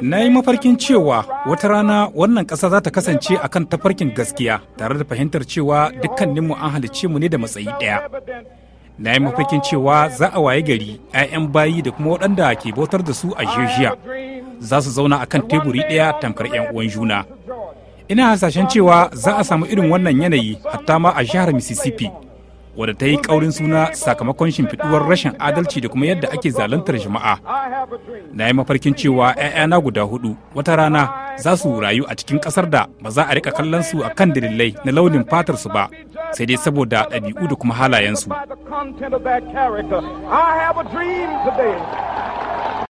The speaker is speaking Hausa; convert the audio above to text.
Na yi mafarkin cewa wata rana wannan ƙasa za ta kasance a kan tafarkin gaskiya tare da fahimtar cewa dukkaninmu an halicce mu ne da matsayi ɗaya. Na yi mafarkin cewa za a waye gari 'ya'yan bayi da kuma waɗanda ke bautar da su a Georgia za su zauna a kan teburi ɗaya tamkar 'yan uwan juna. Ina hasashen cewa za a samu irin wannan yanayi hatta ma a jihar Mississippi. wadda ta yi ƙaurin suna sakamakon shimfiduwar rashin adalci da kuma yadda ake zaluntar jama'a na yi mafarkin cewa 'ya'yana guda hudu wata rana za su rayu a cikin ƙasar da ba za a rika kallon su a kan dalilai na launin fatar su ba sai dai saboda ɗabi'u da kuma halayensu